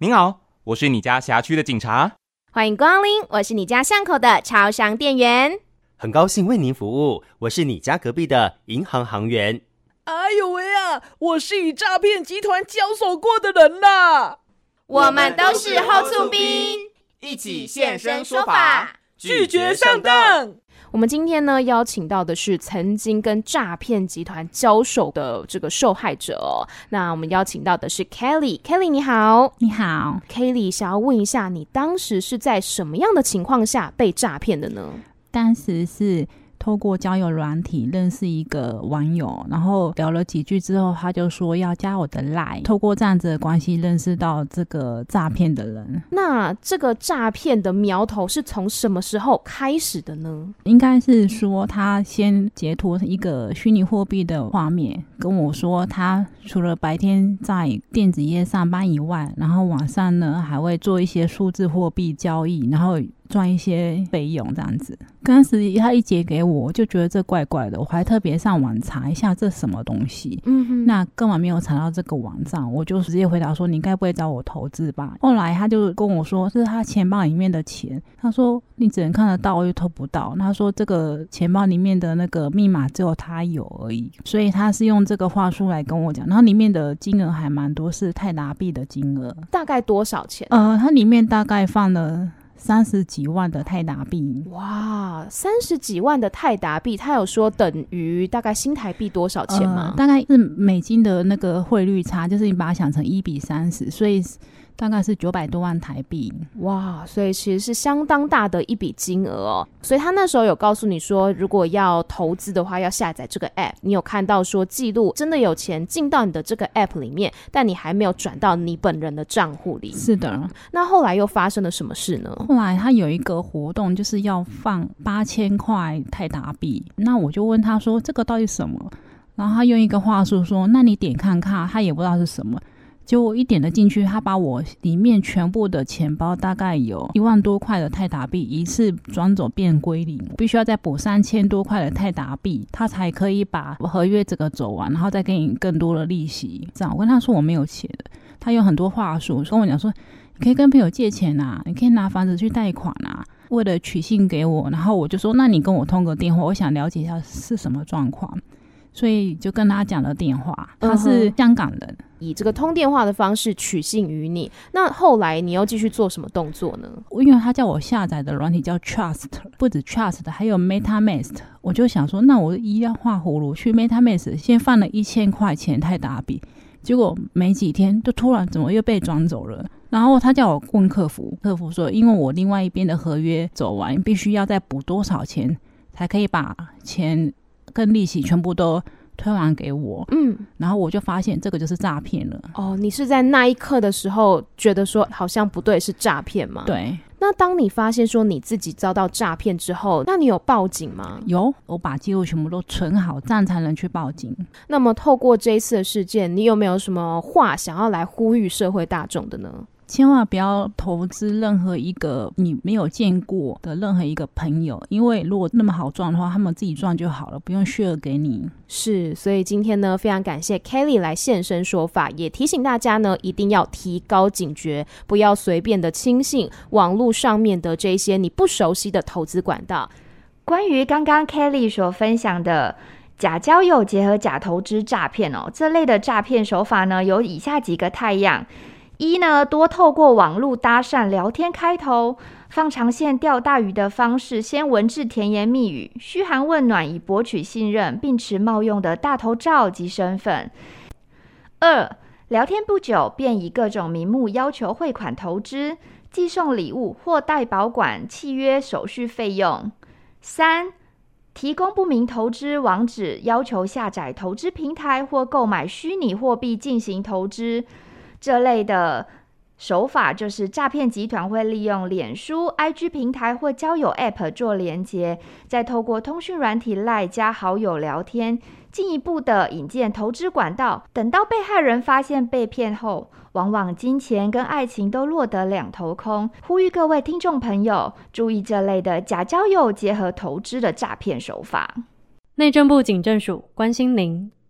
您好，我是你家轄區的警察。歡迎光臨，我是你家巷口的超商店員。很高興為您服務，我是你家隔壁的銀行行員。哎呦喂啊，我是與詐騙集團交手過的人啦、啊。我們都是後盾兵，一起現身說法。拒絕上當。上當我們今天呢邀請到的是曾經跟詐騙集團交手的這個受害者。那我們邀請到的是 Kelly，Kelly Kelly, 你好，你好，Kelly 想要問一下，你當時是在什麼樣的情況下被詐騙的呢？當時是。透過交友軟體認識一個網友，然後聊了幾句之後，他就說要加我的 LINE。透過這樣子的關係，認識到這個詐騙的人。那這個詐騙的苗頭是從什麼時候開始的呢？應該是說他先截圖一個虛擬貨幣的畫面，跟我說他除了白天在電子業上班以外，然後晚上呢還會做一些數字貨幣交易，然後。賺一些費用這樣子，剛開始他一結給我，我就覺得這怪怪的，我還特別上網查一下這什麼東西。嗯哼，那根本沒有查到這個網站，我就直接回答說：“你該不會找我投資吧？”後來他就跟我說：“是他錢包裡面的錢。”他說：“你只能看得到，又偷不到。”他說：“這個錢包裡面的那個密碼只有他有而已，所以他是用這個話術來跟我講。然後裡面的金額還蠻多，是泰達幣的金額，大概多少錢？呃，它裡面大概放了。”三十幾萬的泰達幣，哇，三十幾萬的泰達幣，他有說等於大概新台幣多少錢嗎？呃，大概是美金的那個匯率差，就是你把它想成一比三十，所以。大概是九百多萬台幣。哇，所以其實是相當大的一筆金額哦。所以他那時候有告訴你說，如果要投資的話，要下載這個 app。你有看到說記錄真的有錢進到你的這個 app 裡面，但你還沒有轉到你本人的賬戶裡。是的。那後來又發生了什麼事呢？後來他有一個活動就是要放八千塊泰達幣，那我就問他說這個到底什麼？然後他用一個話術說，那你點看看，他也不知道是什麼。就我一點的進去，他把我裡面全部的錢包，大概有一萬多塊的泰達幣，一次轉走變歸零，必須要再補三千多塊的泰達幣，他才可以把合約這個走完，然後再給你更多的利息。這樣我跟他說我沒有錢，他有很多話術跟我講說，說你可以跟朋友借錢啊，你可以拿房子去貸款啊，為了取信給我。然後我就說，那你跟我通個電話，我想了解一下是什麼狀況。所以就跟他講了電話，嗯、哼他是香港人，以這個通電話的方式取信於你。那後來你又繼續做什麼動作呢？因為他叫我下載的軟體叫 Trust，不止 Trust 還有 MetaMask。我就想說，那我一定要畫葫蘆去 MetaMask，先放了一千塊錢泰達幣，結果沒幾天就突然怎麼又被轉走了。然後他叫我問客服，客服說，因為我另外一邊的合約走完，必須要再補多少錢才可以把錢。跟利息全部都退還給我，嗯，然後我就發現這個就是詐騙了。哦，你是在那一刻的時候覺得說好像不對，是詐騙嗎？對。那當你發現說你自己遭到詐騙之後，那你有報警嗎？有，我把記錄全部都存好，這樣才能去報警。那麼透過這一次的事件，你有沒有什麼話想要來呼籲社會大眾的呢？千萬不要投資任何一個你沒有見過的任何一個朋友，因為如果那麼好賺的話，他們自己賺就好了，不用需要給你。是，所以今天呢，非常感謝 Kelly 來現身說法，也提醒大家呢，一定要提高警覺，不要隨便的輕信網絡上面的這些你不熟悉的投資管道。關於剛剛 Kelly 所分享的假交友結合假投資詐騙哦，這類的詐騙手法呢，有以下幾個太陽。一呢，多透過網絡搭訕、聊天，開頭放長線釣大魚的方式，先文字甜言蜜語、噓寒問暖以博取信任，並持冒用的大頭照及身份。二，聊天不久便以各種名目要求匯款投資、寄送禮物或代保管契約手續費用。三，提供不明投資網址，要求下載投資平台或購買虛擬貨幣進行投資。這類的手法，就是詐騙集團會利用臉書、IG 平台或交友 App 做連接，再透過通訊軟體賴加好友聊天，進一步的引薦投資管道。等到被害人發現被騙後，往往金錢跟愛情都落得兩頭空。呼籲各位聽眾朋友注意這類的假交友結合投資的詐騙手法。內政部警政署關心您。